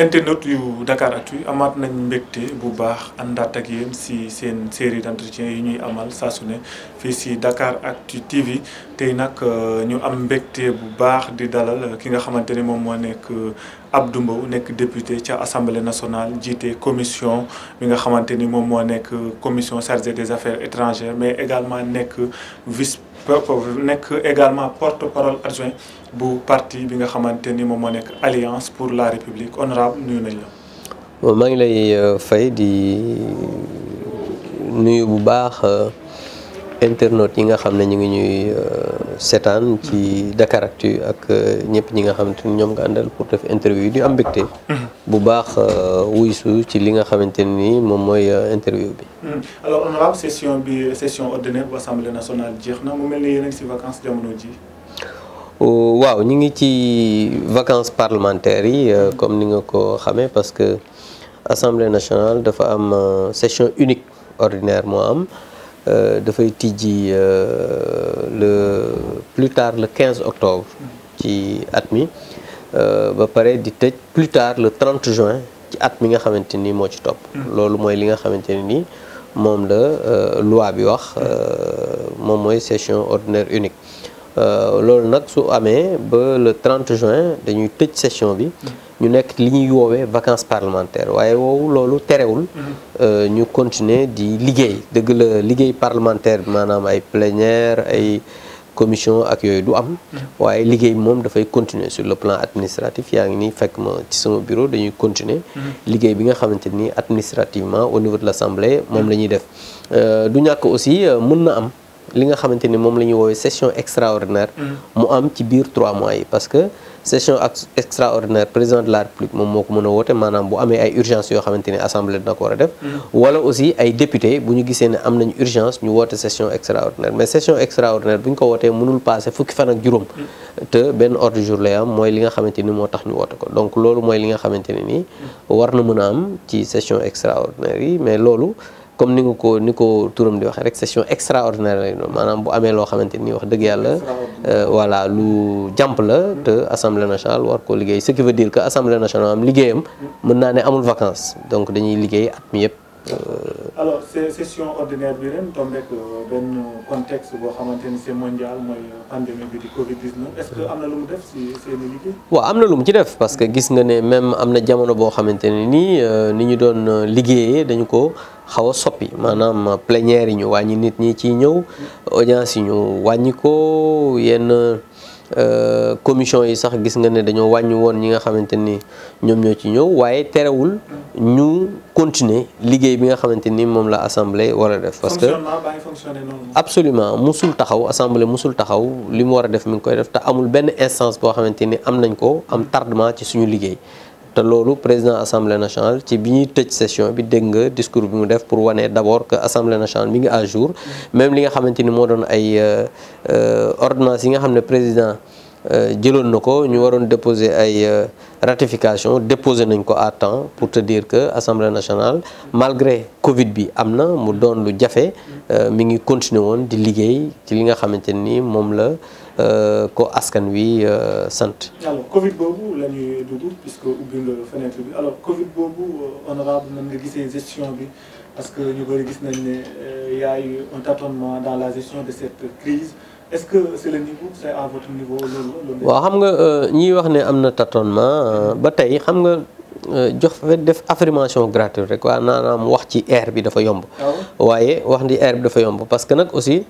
internet yu Dakaractu amat nañ mbégte bu baax andat ak si ci seen série d'entretien yi ñuy amal ça suné fi ci dakar Actu TV tey nak euh, ñu am mbégte bu baax di dalal ki nga xamante mom mo nek euh, Abdou Mbow nek député de assemblée nationale jité commission bi nga xamante mom mo nek euh, commission chargée des affaires étrangères mais également que vice venez également porte-parole adjoint du parti bi nga xamanteni ni alliance pour la république honorable nuyu nañ la. bon ngi lay euh, fay di nuyu bu baax. Euh, internautes yi nga xam ne ñu ngi ñuy euh, seetaan ci Actu ak euh, ñëpp ñi nga xamante ni nga àndal pour def interview yi di am mbégte bu baax euh, wuysu ci li nga interview bi hmm. alors on session bi session ordinaire de l'Assemblée nationale Comment na mu mel ni yéen vacances jamono ji waaw ñu ngi vacances parlementaires comme ni nga ko parce que l'Assemblée nationale a une session unique ordinaire euh, de euh, le plus tard le 15 octobre qui est admis ba pare di plus tard le 30 juin qui at mi nga xamanteni mo ci top hmm. lolu moy li nga xamanteni ne ni euh, loi bi wax mom hmm. euh, session ordinaire unique euh, loolu nag su amee ba le 30 juin dañuy tëj session bi ñu nekk li ñuy vacances parlementaires waaye woowu loolu terewul mm-hmm. euh, ñu continuer di liguer, de le liguer parlementaire bi maanaam ay plénière ay commission ak yooyu du am Ouais, liguer, même de faire continuer sur le plan administratif il ngi a une ma ci sama bureau dañuy continuer mm-hmm. Liguer, bi nga xamante administrativement au niveau de l'Assemblée même mm-hmm. la ñuy def euh, du aussi mon na am li nga xamante ni moom la ñuy woowee session extraordinaire. Mm. mu am ci biir trois mois yi parce que session extraordinaire président de la république moom moo ko mën a woote maanaam bu amee ay urgence yoo xamante ni assemblée dina ko war a def. Mm. wala aussi ay député bu ñu gisee ne am nañ urgence ñu woote session extraordinaire mais session extraordinaire bu ñu ko wootee mënul passé fukki fan ak juróom. Mm. te benn ordre du jour lay am mooy li nga xamante ni moo tax ñu woote ko donc loolu mooy li nga xamante ne ni war na mën a am ci session extraordinaire yi mais loolu. comme ni nga ko ni ko turam di waxee rek session extraordinaire lay doon maanaam bu amee loo xamante ni wax dëgg yàlla euh, voilà lu jàmp la te assemblée nationale war koo liggéey ce qui veut dire que assemblée nationale am liggéeyam mën naa ne amul vacances donc dañuy liggéey at mi yëpp Euh, alors session ordinaire bi ren contexte boo xamante mondial mooy am na lu mu ci def parce que gis nga ne même am na jamono boo xamante ne nii euh, ni ñu doon euh, liggéeyee dañu ko xaw a soppi maanaam plénière ñu wàññi nit ñi ciy ñëw mm. audience yi ñu wàññi ko yenn. Euh, commission yi sax gis nga ne dañoo wàññi woon ñi nga xamante ni ñoom ñoo ci ñëw waaye terewul ñu continuer liggéey bi nga xamante ni moom la assemblée war def. parce que absolument musul taxaw assemblée mosul taxaw li mu war a def mi ngi koy def te amul benn instance boo xamante ni am nañ ko am tardement ci suñu liggéey. Le Président président assemblée nationale ci fait une session bi deug nga discours pour voir d'abord que l'Assemblée nationale mi à jour même li nga avons mo doon ay euh, ordonnance yi nga président nous avons déposé ñu déposer ay euh, ratification déposé nañ ko à temps pour dire que l'Assemblée nationale malgré Covid bi amna fait mu doon lu jafe euh, mi ngi continuer à di liggéey ci li nga euh, ko askan wi euh, sante alors Covid bobu la ñuy puisque ubbi le fenêtre bi alors Covid bobu euh, honorable nan nga gisee gestion bi parce que ñu bari gis nañ né y a eu un tâtonnement dans la gestion de cette crise est-ce que c'est le niveau c'est à votre niveau Oui, waaw xam nga ñiy wax un tâtonnement ba tey Euh, jox def affirmation gratuite rek naa naanaam wax ci air bi dafa yomb. Ah waaye wax ndi air bi dafa yomb parce que nag aussi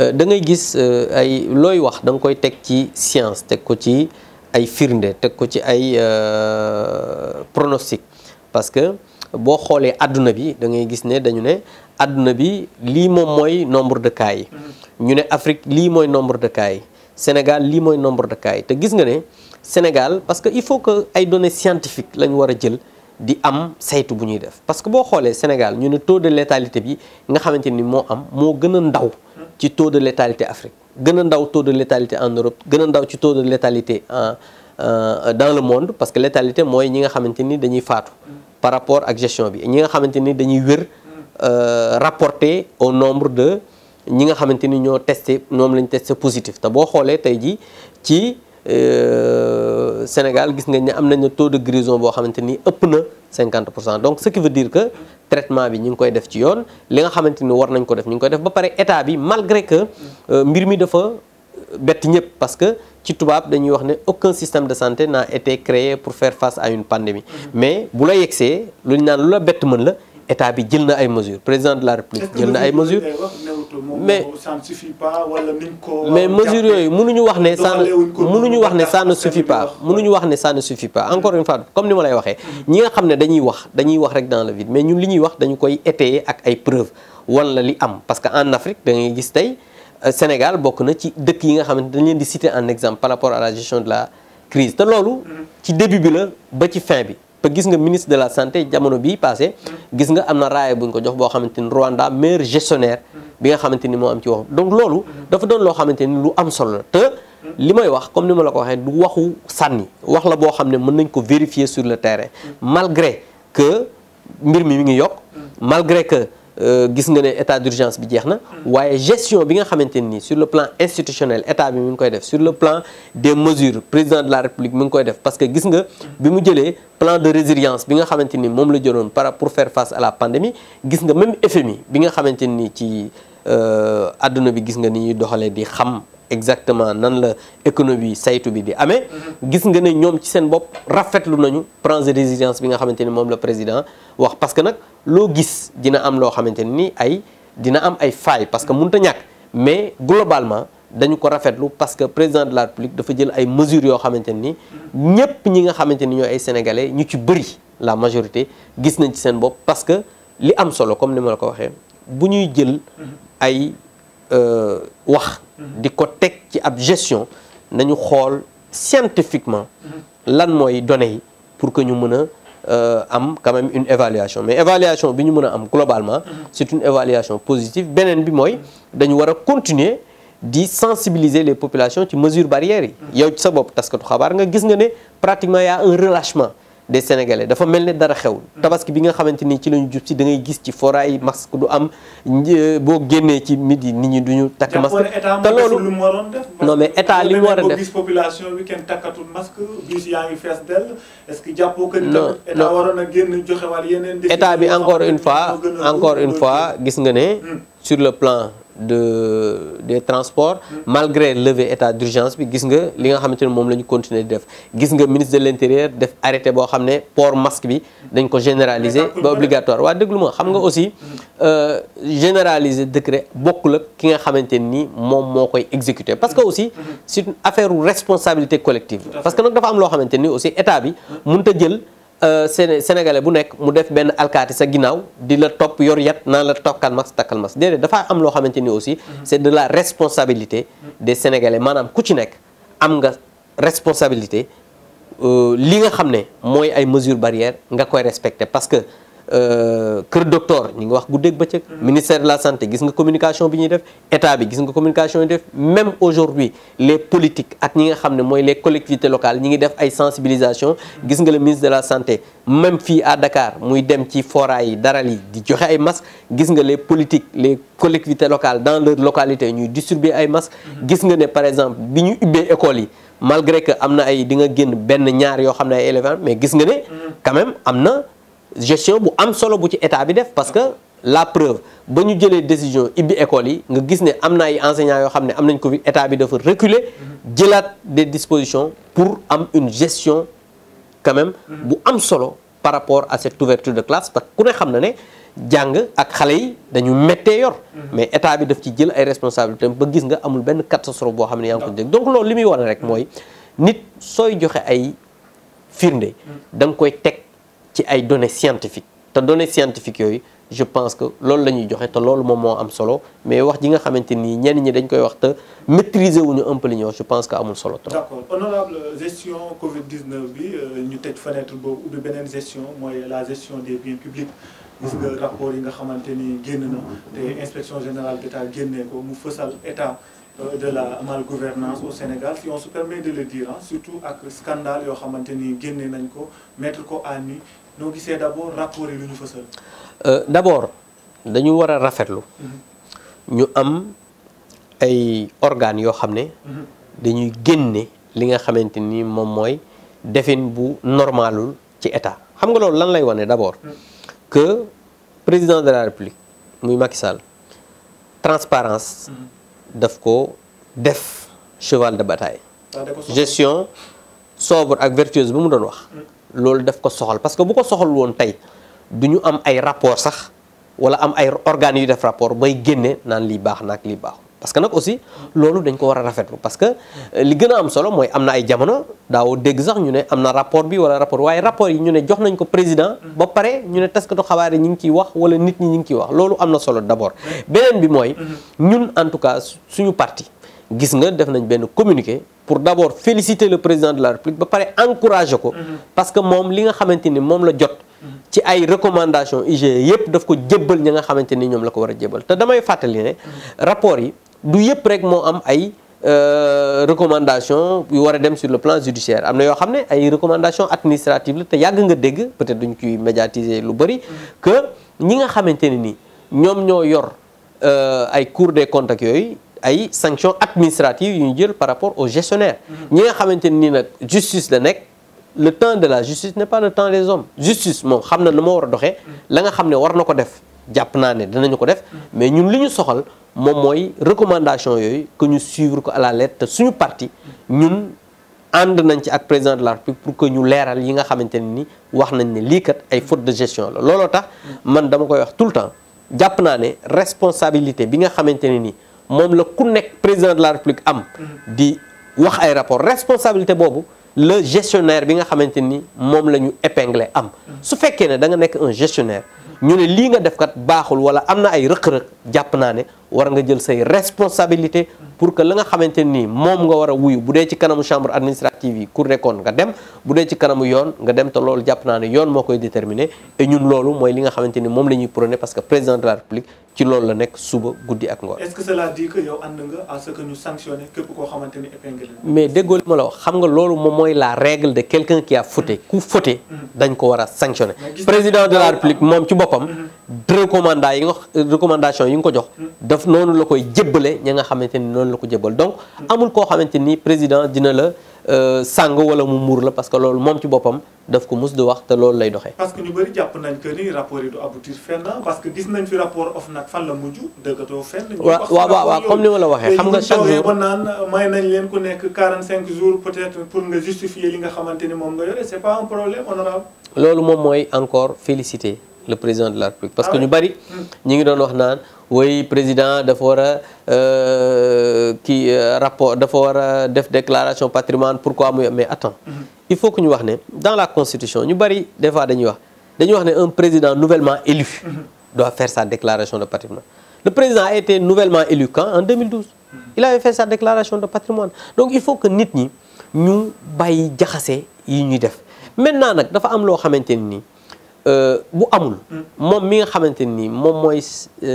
euh, da ngay gis euh, ay looy wax da nga koy teg ci science teg ko ci ay firnde teg ko ci ay pronostic parce que boo xoolee àdduna bi da ngay gis ne dañu ne àdduna bi lii moom mooy nombre de cas yi. Mm-hmm. ñu ne Afrique lii mooy nombre de cas yi Sénégal lii mooy nombre de cas yi te gis nga ne. Sénégal parce que il faut que ay données scientifiques la wara jël di am saytu buñuy def parce que bo xolé Sénégal ñu ne taux de létalité bi nga xamante mo am mo gëna ndaw ci taux de létalité Afrique gëna ndaw taux de létalité en Europe gëna ndaw ci taux de létalité en euh, dans le monde parce que létalité moy ñi nga xamante dañuy faatu par rapport ak gestion bi ñi nga xamante ni dañuy wér euh, rapporté au nombre de ñi nga xamante ñoo testé ñoom lañ testé positif ta bo xolé tay ji ci euh, Sénégal gis ngeen ne am nañu taux de guérison bo xamanteni ëpp na 50 donc ce qui veut dire que traitement bi ñu ngi koy def ci yoon li nga xamanteni war nañ ko def ñu ngi koy def ba paré état bi malgré que euh, mbir mi dafa euh, bett ñep parce que ci tubab dañuy wax né aucun système de santé n'a été créé pour faire face à une pandémie mm-hmm. mais bu la yegsee lu nane lu la bett mën la état bi pris des ay mesures président de la république a pris ay mesures mais mais mesures yooyu mënuñu wax ne ça mënuñu wax que ça ne suffit pas mënuñu wax que ça ne suffit pas encore une fois comme je ma lay waxee ñi nga xam ne dañuy wax dañuy wax rek dans le vide mais ñun li ñuy wax dañu koy étayer ak ay preuves ce qu'il li am parce que en Afrique vous voyez, gis tey euh, Sénégal bokk na ci dëkk yi nga xam dañ leen di citer en exemple par rapport à la gestion de la crise te a mm-hmm. ci début bi la ba ci fin bi te gis nga ministre de la santé jamono bii passé gis nga am na raaya buñ ko jox boo xamante ni Rwanda meilleur gestionnaire bi nga xamante ni moo am ci wax donc loolu dafa doon loo xamante ni lu am solo la te li may wax comme ni ma la ko waxee du waxu sànni wax la boo xam ne mën nañ ko vérifier sur le terrain malgré que mbir mi mi ngi yokk malgré que Euh, gis nga né état d'urgence bi jeex waye gestion bi nga xamante ni sur le plan institutionnel état bi mi ngi koy def sur le plan des mesures président de la république mi ngi koy def parce que gis nga bi mu jëlee plan de résilience bi nga xamante mom la jëloon para pour faire face à la pandémie gis nga même FMI bi nga xamante ci euh aduna bi gis nga ni ñuy di xam exactement nan l'économie ça saytu bi di amee mhm. gis nga né ñom ci sen bop rafetlu nañu nous de résilience bi nga que président parce que nak lo gis dina am lo ni ay dina am ay parce que mënut mais globalement dañu ko parce que président de la république dafa jël ay mesures yo ñepp sénégalais ñu ci la majorité gis nañ parce que li am solo comme ni la euh, wax mhm. di ko ont ci ab gestion nañu scientifiquement lan moy données pour que nous mëna euh, quand même une évaluation mais évaluation bi ñu globalement mhm. c'est une évaluation positive benen bi moy dañu wara continuer di sensibiliser les populations qui mesurent les barrières Il mhm. yow ci sa nga gis nga pratiquement y a un relâchement des sénégalais dafa mel ni dara xewul tabaski bi nga xamante ni ci lañu jub si da ngay gis ci foraay masque du am euh, boo génnee ci mid yi nit ñi duñu takk masque te loolu non mais état li mu war a def population bi kenn takkatul yaa ngi fees que jàppoo que non état waroon état bi encore une fois encore une fois gis nga ne hmm. sur le plan de des transports malgré levet état d'urgence bi gis nga li nga xamante ne moom continuer di def gis nga ministre de l'intérieur def arrêté boo xam port masque bi dañ ko généraliser ba obligatoire waa déglu ma xam nga aussi euh, généraliser décret beaucoup ak ki nga xamante ni moom exécuter parce que aussi c'est une affaire responsabilité collective parce que nag dafa am loo xamante aussi état bi mënut a jël Euh, sénégalais bu nekk mu def benn alkaati sa ginnaaw di la topp yor yat naan la tokkal max takkal max déedéet dafaa am loo xamante ni aussi mhm. c'est de la responsabilité des sénégalais maanaam ku ci nekk am nga responsabilité euh, li nga xam ne mooy ay mesures barrières nga koy respecter parce que le euh, docteur ñi ministère de la santé gis communication bi ñuy def état bi communication def même aujourd'hui les politiques ak les collectivités locales ñi ngi def sensibilisation gis le ministre de la santé même fi à Dakar muy dem ci foray, forêts, daral yi di masques les politiques les collectivités locales dans leur localité ñuy distribuer ay masques gis par exemple bi ubé ubbee écoles malgré que amna na ay di nga élèves mais gis nga quand même amna gestion bu am solo bu ci état bi def parce que la preuve ba ñu jëlee décision ibi école yi nga gis né amna ay enseignants yo xamné amnañ ko nañ état bi dafa reculer jëlat des dispositions pour am une gestion quand même bu am solo par rapport à cette ouverture de classe parce que ku ne xam na ne jàng ak xalé yi dañu metté yor mais état bi daf ci jël ay responsabilités ba gis nga amul ben catastrophe bo xamné yang ko dég donc lool limi wone rek moy nit soy joxé ay firndé dang koy teg ci ay données scientifiques les données scientifiques je pense que c'est ce ñuy joxe te loolu moom am solo mais wax ji nga xamante ni ñi dañ koy wax te maîtriser wuñu un peu li je pense que amul solo d'accord honorable euh, gestion Covid 19 nous bi euh, ñu tëj fenêtre boobu ubbi gestion la gestion des biens publics. gis rapport yi nga xamante ni génn na te inspection générale d'État génnee ko mu fësal état. Euh, de la malgouvernance au Sénégal si on se permet de le dire hein, surtout avec le scandale yoo xamante ni génne nañ ko mettre ko à nu noo c'est d'abord rapport yi l'Université euh, d'abord nous devons a rafetlu. Nous avons des organes qui xamné mm-hmm. dañuy génne li nga xamanteni mom moy mooy bu normalul ci état xam nga loolu lan lay wone d'abord. Mm-hmm. que président de la république muy Macky Sall transparence mm-hmm. daf ko def cheval de bataille. gestion sobre et vertueuse bu mu doon wax. loolu def ko soxal parce que bu ko soxal woon tey du ñu am ay rapport sax wala am ay organes yu def rapport bay génne naan li baax naag lii baaxul parce que nag aussi loolu dañ ko war a rafetlu parce que euh, li gën a am solo mooy am na ay jamono daawoo dégg sax ñu ne am na rapport bi wala rapport waaye rapport yi ñu ne jox nañ ko président ba pare ñu ne taskatu xabaar yi ñu ngi ciy wax wala nit ñi ñu ngi ciy wax loolu am na solo d'abord beneen bi mooy mm-hmm. ñun en tout cas suñu parti gis nga def nañ benn communiqué pour d'abord féliciter le président de la République ba pare encourager ko mhm. parce que mom li nga xamanteni mom la jot mhm. ci ay recommandations IGE yëpp daf ko jébbal ñi nga xamante ni la ko wara a te damay fatali ne mhm. rapport yi du yëpp rek mo am ay euh, recommandation yu wara dem sur le plan judiciaire amna yo yoo ay recommandation administrative te yag nga dégg peut-être duñ ciy médiatiser lu bari que ñi nga xamante ni ñom ñoo yor euh, ay cour des comptes ak ay sanctions administratives par rapport aux gestionnaires mm-hmm. ñi nga ni justice le temps de la justice n'est pas le temps des hommes justice mom xamna luma wara doxé mm-hmm. la war mm-hmm. mais ñun recommandation que ñu suivre à la lettre parti ñun nañ ci président de pour que ñu yi nga ni faute de gestion la tax man dama tout le temps responsabilité bi nga moom la ku nekk président de la république am di wax ay rapport responsabilité boobu le gestionnaire bi nga xamante ni moom la ñu épinglé am su fekkee ne da nga nekk un gestionnaire ñu ne lii nga def kat baaxul wala am na ay rëq-rëq jàpp naa ne war nga jël say responsabilité pour que la nga xamante nii moom nga war a wuyu bu dee ci kanamu chambre administrative yi cour des comptes nga dem bu dee ci kanamu yoon nga dem te loolu jàpp naa ne yoon moo koy déterminer et ñun loolu mooy li nga xamante ni moom la ñuy prôné parce que président de la république ci loolu la nekk suba guddi ak ngoon. est koo xamante ni épinglé mais déggoo li ma la wax xam nga loolu moom mooy la règle de quelqu'un qui a fauté ku fauté mm. dañ ko war a sanctionné président de la république moom ci boppam mm-hmm. recommandation yi nga recommandation yi nga ko jox mm. def noonu la koy jébbale ña nga xamante ni noonu la ko jébbal donc amul koo xamante ni président dina la euh, sàng wala mu muur la parce que loolu mom ci bopam daf ko mus di wax te loolu lay doxé parce que ñu bari japp nañ que ni rapport yi do aboutir fenn parce que gis nañ fi rapport of nak fan la mujj dëggatoo fenn. wa wa wa comme ni wala waxé xam nga chaque jour ba naan may nañ leen ku nek 45 jours peut-être pour nga justifier li nga xamanteni mom nga yoré c'est pas un problème honorable loolu mom moy encore félicité le président de la République parce ah que nous, bari mm. ñi président a euh, euh, fait une déclaration patrimoine pourquoi mais attends mm-hmm. il faut que nous dans la constitution nous bari des fois un président nouvellement élu mm-hmm. doit faire sa déclaration de patrimoine le président a été nouvellement élu quand en 2012 mm-hmm. il avait fait sa déclaration de patrimoine donc il faut que nous, nous nous, maintenant nous nous, nous, euh, bu amul mom hmm. mi nga xamanteni mom moy mooy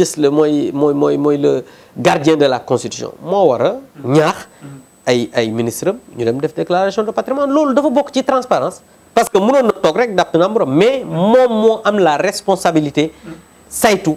euh, le moy moy moy moy le gardien de la constitution mo wara a hmm. ñaax hmm. ay ay ministre ñu dem def déclaration de patrimoine loolu dafa bok ci transparence parce que mënoon na toog rek dàpp na mais mom mo am la responsabilité saytu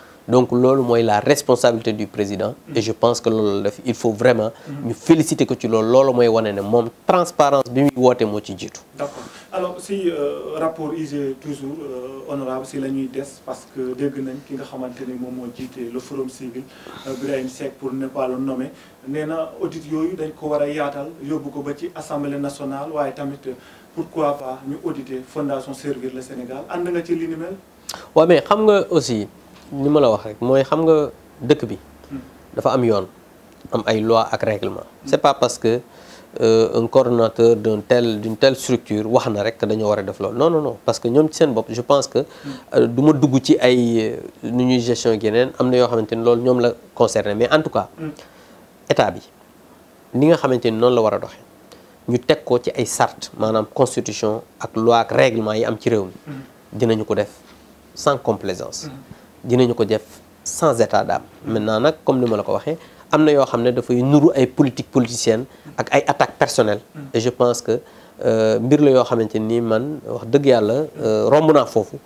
donc c'est la responsabilité du président mm. et je pense que il faut vraiment mm. ñu féliciter ko ci loolu loolu mooy wane ne transparence bi muy woote moo ci d'accord alors si euh, rapport IG toujours euh, honorable c'est la nuit d'Est, parce que dégg nañ ki nga xamante ni moom moo le forum civil euh, Birahim Seck pour ne pas le nommer nee na audit yooyu dañ ko war a yaatal yóbbu ko ba ci assemblée nationale waaye tamit euh, pourquoi pas ñu auditer fondation Servir le Sénégal ànd nga ci li mel mais xam nga aussi ni ma la wax rek moy xam nga dëkk bi dafa am yoon am ay loi ak règlement c'est pas parce que euh, un coordinateur d'un tel d'une telle structure wax na rek dañoo war a def lool non non non parce que ñom ci seen bop je pense que euh, du ma dugg ci ay euh, nu ñuy gestion yeneen am na yoo xamante ni la concerner mais en tout cas état bi ni nga xamanteni non la wara doxé ñu tek ko ci ay sart manam constitution ak loi ak règlement yi am ci réew mi dinañu ko def sans complaisance mm dinañu ko def sans état d'âme maintenant nak comme ni ma la ko waxee am na yoo xam ne dafay nuru ay politique politicienne ak ay attaques personnelles mm. et je pense que euh, mbir la yo xamante ni man wax dëgg yàlla euh, romb na fofu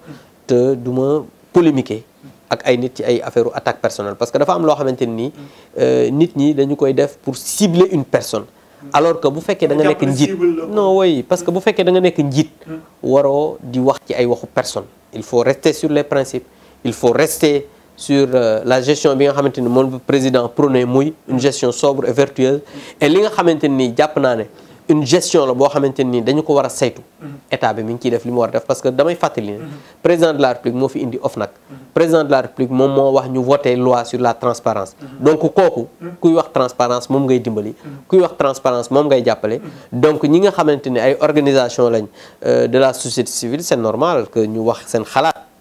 te duma polémiquer ak ay nit ci ay affaire attaque personnelle parce que dafa am lo xamante ni mm. euh, nit ñi dañu koy def pour cibler une personne mm. alors que bu fekkee da nga nek njiit non oui parce que bu fekkee da nga nek njiit waro di wax ci ay waxu personne il faut rester sur les principes il faut rester sur euh, la gestion bien président prône une gestion sobre et vertueuse et li nga a une gestion la bo dañ ko parce que damay président de la république mo fi indi président de la république mo wax ñu loi sur la transparence donc kooku kuy wax transparence mom ngay dimbali kuy wax transparence ngay donc ñi nga ay organisation euh, de la société civile c'est normal que ñu wax sen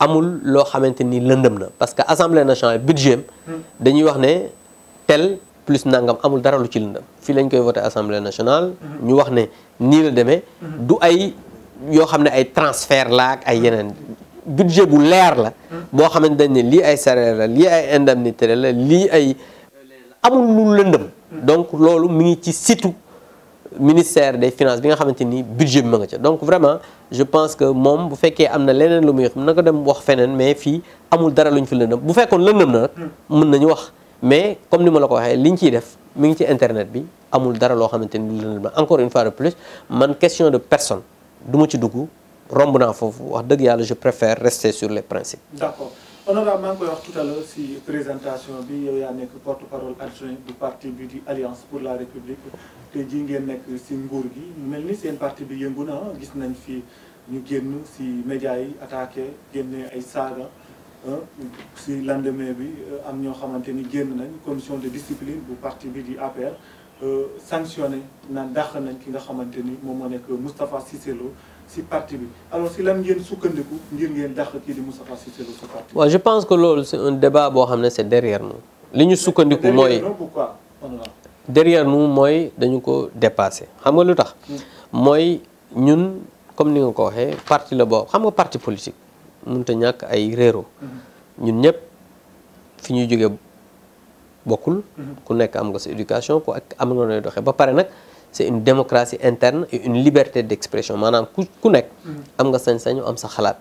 amul lo xamanteni ni na parce que assemblée nationale budget dañuy wax ne tel plus nangam amul dara lu ci lëndëm fi lañ koy voter assemblée nationale. ñu wax ne ni la démé du ay yo xamné ay transfert la ak ay yenen budget bu lèr la. boo xamante ne lii ay salaire la li ay indemnité la li ay. amul lu lëndëm. donc lolu mi ngi ci situ ministère des finances bi nga xamanteni budget bi ma nga ca donc vraiment je pense que mom bu fekkee amna na leneen lu muy xam na dem wax fenen mais fi amul dara lu fi lëndëm bu fekkoon lëndëm na hmm. mën nañ wax mais comme ni ma la ko waxe liñ ciy def mi ngi ci internet bi amul dara lo xamanteni ni lëndëm encore une fois de plus man question de personne du ci duggu romb na fofu wax y'a yàlla je préfère rester sur les principes d'accord honorable maa wax tout à l'heure si présentation bi yow yaa nekk porte parole adjoint du parti bi alliance pour la république te ji ngeen nekk si nguur gi mel ni seen parti bi Yenguna, na gis nañ fi ñu génn si médias yi attaqué génne ay saaga si hein, lendemain bi euh, am ñoo xamante génn nañ commission de discipline du parti bi di APR euh, sanctionné naan dàq nañ ki nga xamante ni moom Moustapha Cissé c'est parti bi alors si lan ngeen soukandiku ngir ngeen dakh kii di Moustapha Cissé Lo parti. waaw je pense que loolu c'est un débat bo xamné c'est derrière nous. liñu soukandiku moy derrière nous moy dañu ko dépassé xam nga lutax moy hmm. ñun comme ni nga ko waxee parti le bo xam nga parti politique mënut a ñàkk ay réro hmm. ñun ñep fi ñuy jógee bokkul. Hmm. ku nekk am nga sa éducation ku ak am nga doxé ba paré nak c'est une démocratie interne et une liberté d'expression maanaam ku ku nekk am nga sañ-sañu am sa xalaat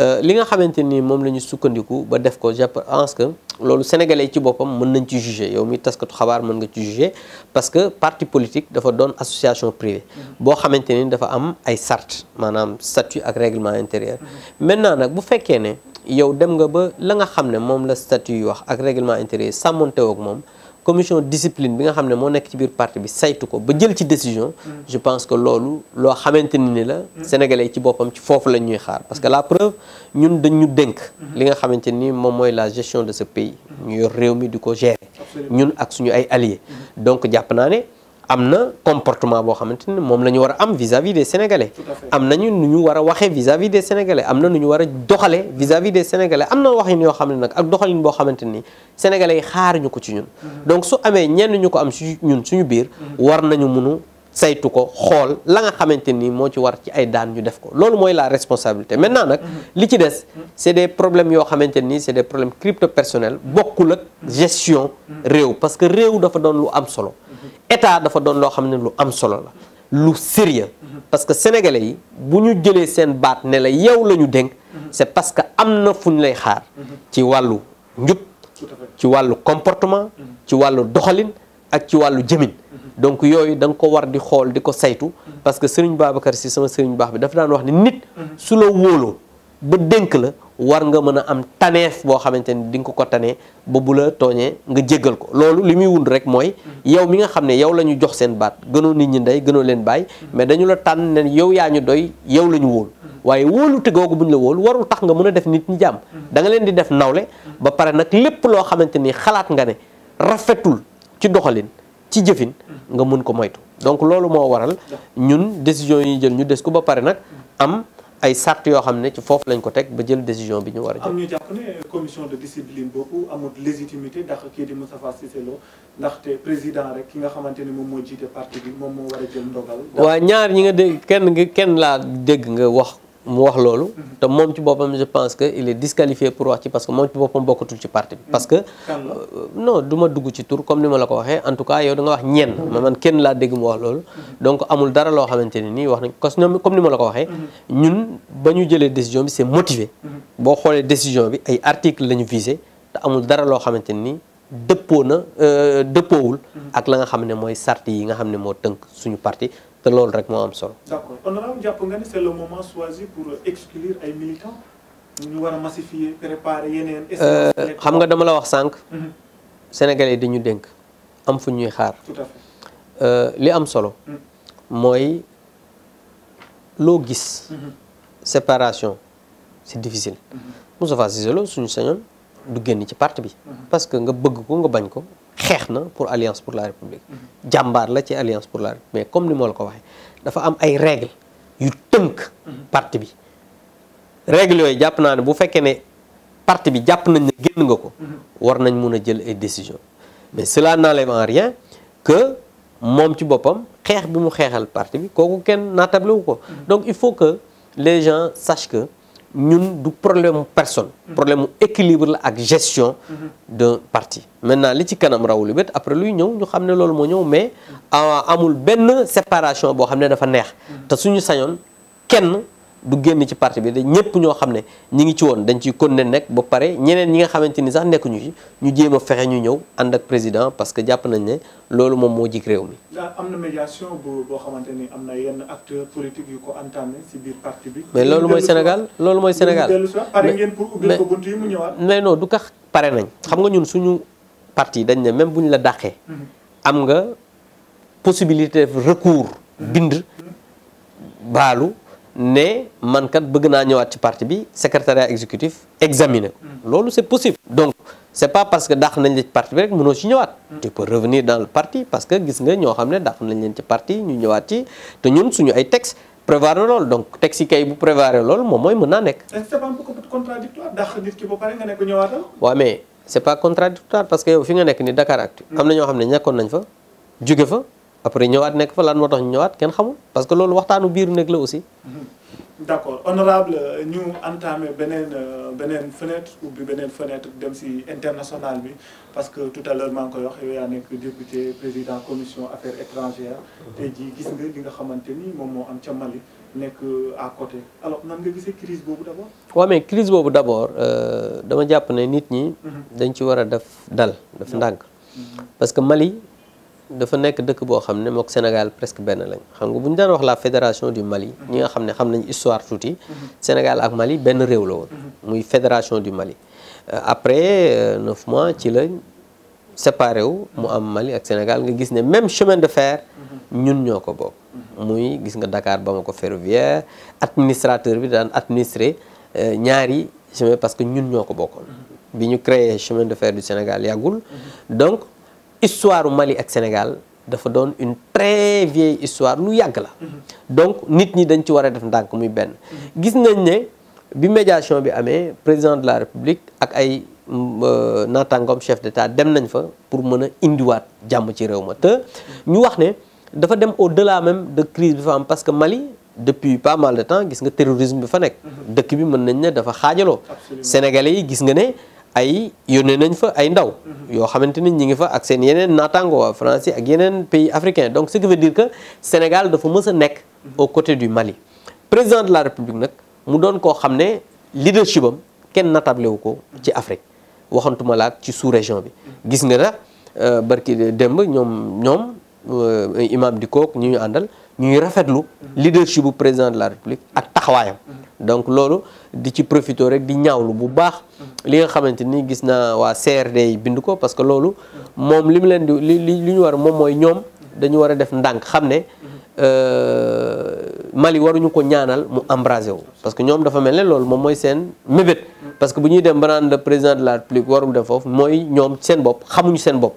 euh, li nga xamante ni moom la ñu sukkandiku ba def ko je pense que loolu sénégalais ci boppam mën nañ ci juger yow mi taskatu xabaar mën nga ci juger parce que parti politique dafa doon association privée boo xamante ni dafa am ay sart maanaam statut ak réglement intérieur maintenant nag bu fekkee ne yow dem nga ba la nga xam ne moom la statut yi wax ak règlement sàmmonte woog moom commission discipline bi nga xam ne moo nekk ci biir parti bi saytu ko ba jël ci décision mm. je pense que loolu lo xamante ni la mm. sénégalais ci boppam ci foofu la ñuy xaar parce que la preuve ñun dañu dénk mm-hmm. li nga xamante ni moom la gestion de ce pays mm-hmm. ñu yor réew mi di gérer ñun ak suñu ay alliés mm-hmm. donc jàpp naa am na comportement boo xamante ni moom la ñu war a am vis-à-vis des sénégalais am nañu nu ñu war a waxee vis de vis des sénégalais am na nu ñu war a doxalee vis de vis des sénégalais am na wax waxin yoo xam ne nag ak doxalin boo xamante ni sénégalais yi xaar ñu ko ci ñun mhm. donc su amee ñenn ñu ko am ci ñun suñu biir mhm. war ñu munu saytu ko xool la nga xamante nii moo ci war ci ay daan ñu def ko loolu mooy la responsabilité maintenant nag mhm. li ci des c'est des problèmes yoo xamante ni c'est des problèmes crypto personnels bokkul ak gestion mhm. réew parce que réew dafa doon lu am solo mhm. état dafa doon loo xam ne lu am solo lu sérieux parce que sénégalais yi bu ñu jëlee seen baat ne la yow la ñu dénk c'est parce que am na fu ñu lay xaar ci wàllu njub ci wàllu comportement ci wàllu doxalin ak ci wàllu jëmin donc yooyu da ko war di xool di ko saytu parce que sëriñ Babacar si sama sëriñ baax bi dafa daan wax ne nit su la wóoloo ba dénk la war nga mën a am taneef boo xamante ni di nga ko ko tanee ba bu la tooñee nga jéggal ko loolu li muy wund rek mooy yow mi nga xam ne yow la ñu jox seen baat gënoo nit ñi ndey gënoo leen bàyyi mais dañu la tànn ne yow yaa ñu doy yow la ñu wóol waaye wóolu te bu ñu la wóolu warul tax nga mën a def nit ñi jàmm danga leen di def nawle ba pare nag lépp loo xamante ni xalaat nga ne rafetul ci doxalin ci jëfin nga mun ko moytu donc loolu moo waral ñun décision yi jël ñu des ko ba pare nag am ay sart yoo xam ne ci foofu lañ ko teg ba jël décision bi ñu war a jël. am ñu commission de discipline boobu amul légitimité ndax kii di Moustapha Cissé Lo ndaxte président rek ki nga xamante ne moom moo jiite parti bi moom moo war a jël ndogal. waaw ñaar ñi nga dégg kenn nga kenn laa dégg nga wax mu wax lolu te mom ci bopam je pense que il est disqualifié pour wax ci parce que mom ci bopam bokkatul ci parti hmm. parce que euh, non du ma dugg ci tour comme nima la ko waxe en tout cas yow da nga wax ñen hmm. man ken la dégg mu wax lolu donc amul dara lo xamanteni ni wax parce que comme nima la ko waxe hmm. ñun bañu jëlé décision bi c'est motivé bo xolé décision bi ay article lañu visé te amul dara loo xamante ne nii dëppoo na euh, dëppoowul ak la nga xamné moy mooy yi nga xamné mo teunk suñu parti te loolu rek moo am solo. d'accord honorable jàpp nga ni c'est le moment choisi pour exclure ay militants ñu war massifier préparer yenen. Euh, xam nga dama la wax sànq. Mhm. Sénégalais dañu denk. am fu ñuy xaar. tout à fait euh, li am solo. moy mhm. loo gis. Mhm. séparation c'est difficile. Moustapha Cissé Lo suñu sañoon du génn ci parti bi. parce que nga bëgg ko nga bañ ko xexna pour alliance pour la république jambar la ci alliance pour la république mais comme ni moo la ko dafa am ay règles yu teunk parti bi règles yooyu japp naa bu fekkee ne parti bi japp nañ ne nga ko war nañ mun jël ay décisions mais cela n'enlève en rien que mom ci bopam xex bi mu xeexal parti bi koku ken naatable ko donc il faut que les gens sachent que ñun du problème personne mm-hmm. problème équilibre la gestion mm-hmm. d'un parti maintenant li ci kanam après luy que ñu mais ah, amul séparation du génn ci parti bi ñëpp ñoo xam ne ñi ngi ci woon dañ ciy kon ne nekk ba pare ñeneen ñi nga xamante ni sax nekkuñu ci ñu jéem a fexe ñu ñëw ànd ak président parce que jàpp nañ ne loolu moom moo jik réew mi. am na médiation bu boo xamante ni am na yenn acteurs politiques yu ko entamé ci biir parti bi. mais loolu mooy Sénégal loolu mooy Sénégal. pare ngeen pour ubbil ko bunt yi mu mais non du tax pare nañ xam nga ñun suñu parti dañ ne même bu ñu la dàqee. Mm-hmm. am nga possibilité def recours. Mm-hmm. bind baalu. ne man kat bëgg naa ñëwaat ci parti bi secrétariat exécutif examiner mm. loolu c' est possible donc c' est pas parce que dàq nañ la ci parti bi rek mënoo ci ñëwaat mm. tu peux parti parce que gis nga ñoo xam ne dàq nañ leen ci parti ñu ñëwaat ci te ñun suñu ay tex prévoir loolu donc texte yi kay bu prévoir loolu moom mooy mën naa nekk waaw mais c' est pas contradictoire parce que yow fi nga nekk ni Dakar Actu mm. am na ñoo xam ne ñekkoon nañ fa juge fa après ñëwaat nek fa lan moo tax ñëwaat kenn xamul parce que loolu waxtaanu biir nek la aussi. Mhm. d'accord honorable ñu entamer benen euh, benen fenêtre bi benen fenêtre dem ci international bi parce que tout à l'heure maa ngi koy wax ya nek député président commission affaires étrangères té jii gis nga li nga xamanteni mom mo am ci Mali nek euh, à côté alors nan nga gisé crise bobu d'abord ouais mais crise bobu d'abord euh dama japp né nit ñi. Mhm. dañ ci wara def dal def ndank mhm. parce que Mali dafa nekk dëkk boo xam ne mook Sénégal presque ben lañ xam nga bu ñu wax la fédération du Mali ñi nga xam xam nañ histoire touti Sénégal ak Mali ben rew la won muy fédération du Mali euh, après 9 euh, mois ci lañ séparé wu mu am Mali ak Sénégal nga gis ne même chemin de fer ñun ñoko ko bokk muy gis nga Dakar Bamako ferroviaire administrateur bi daan administrer euh, ñaari chemin parce que ñun ñoko ko bokkoon bi ñu créé chemin de fer du Sénégal yagul donc histoire Mali ak Sénégal dafa doon une très vieille histoire lu yàgg donc nit ñi dañ ci war a def ndànk muy benn. gis nañ ne bi médiation bi amee président de la république ak ay euh, naataangoom chef d'état dem nañ fa pour mën a indiwaat jàmm ci réew te ñu wax ne dafa dem au-delà même de crise bi fa am parce que Mali. depuis pas mal de temps gis nga terrorisme bi fa nekk. Mhm. dëkk bi mën nañ ne dafa xaajaloo. Sénégalais yi gis nga ne ay yone nañ fa ay ndaw yo xamanteni ñi ngi fa ak seen pays africain. donc ce qui veut dire que Sénégal dafa au côté du Mali président de la République nak mu doon leadership am ci Afrique waxantuma la ci sous région bi gis nga euh, euh, imam di leadership président de la République ak taxawaayam donc di ci profité rek di ñaawlu bu baax li nga xamante ni gis naa waa CRD yi bind ko parce que loolu moom li mu leen di li li ñu war moom mooy ñoom dañu war a def ndànk xam ne euh, Mali waruñu ko ñaanal mu embrasé wu parce que ñoom dafa mel ne loolu moom mooy seen mébét parce que bu ñuy dem ba naan le président de la République warul dem foofu mooy ñoom seen bopp xamuñu seen bopp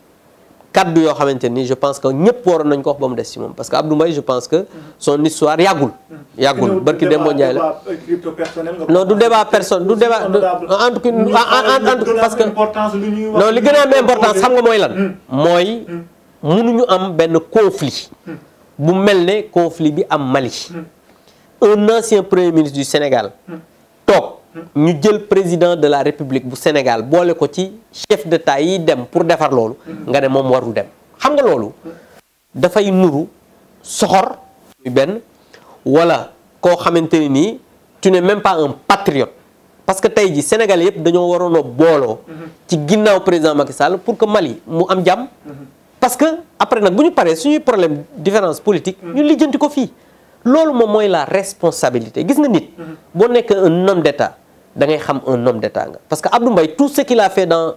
kaddu yo xamanteni je pense que ñepp waroon nañ ko wax ba mu des ci mom parce que Abdou Mbaye je pense que son histoire yagul yagul barki dembo ñay la euh, non du débat personne du débat en tout cas parce que non li gëna a importance xam nga moy lan. Hmm. moy hmm. mënu ñu am ben conflit. Hmm. bu mel conflit bi am Mali. un ancien premier ministre du Sénégal ñu jël président de la république bu Sénégal boole ko ci chef de yi dem pour defar loolu nga ne moom warul dem xam nga loolu dafay nuru soxor muy benn wala koo xamante ne tu n'es même pas un patriote parce que tey ji Sénégalais, yëpp dañoo waroon a booloo ci ginnaaw président Macky Sall pour que Mali mu am parce que après nag bu ñu paree problème différence politique ñu lijjanti ko fii ce qui est la responsabilité gis nga nit boo nekk un homme d'état da ngay xam un homme d'état parce que Abdou tout ce qu'il a fait dans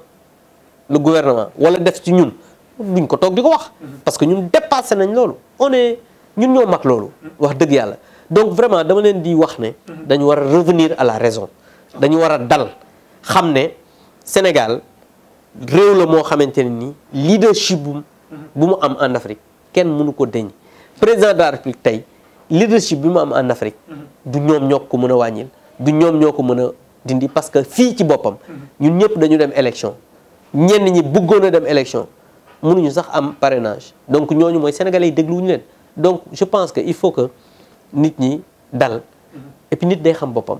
le gouvernement wala def ci ñun duñ ko toog di wax parce que nous dépassons nañ loolu on est ñun sommes tous les wax dëgg donc vraiment dama leen di wax ne dañu revenir à la raison dañu devons dal Sénégal le la moo xamante ne leadership bu mu am en Afrique kenn mënu ko déñ président de la République leadership bi am en Afrique mhm. du ñom ñoko mëna wañil du ñom ñoko mëna dindi parce que fi ci bopam mhm. ñun ñëpp dañu dem élection ñenn ñi bëggono dem élection ñu sax am parrainage donc ñoñu moy sénégalais déglu wuñu leen donc je pense que il faut que nit ñi dal mhm. et puis nit day xam bopam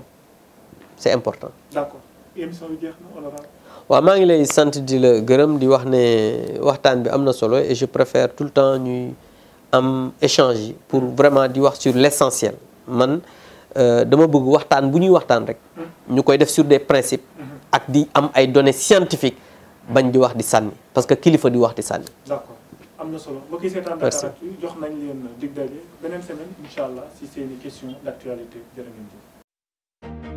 c'est important. d'accord émission bi jeex na honorable. waaw maa ngi lay sant di la gërëm di wax ne waxtaan bi amna solo et je préfère tout le temps ñuy am échange pour vraiment di wax sur l'essentiel man euh, dama bëgg waxtaan buñuy waxtaan rek ñukoy def sur des principes ak di am ay données scientifiques bañ di wax di sànni parce que kilifa di wax di sànni. d'accord amna na solo mbokk sétan seetaan Dakaractu jox nañ leen dig daje benen semaine inshallah, si c'est une question d'actualité jërë ngeen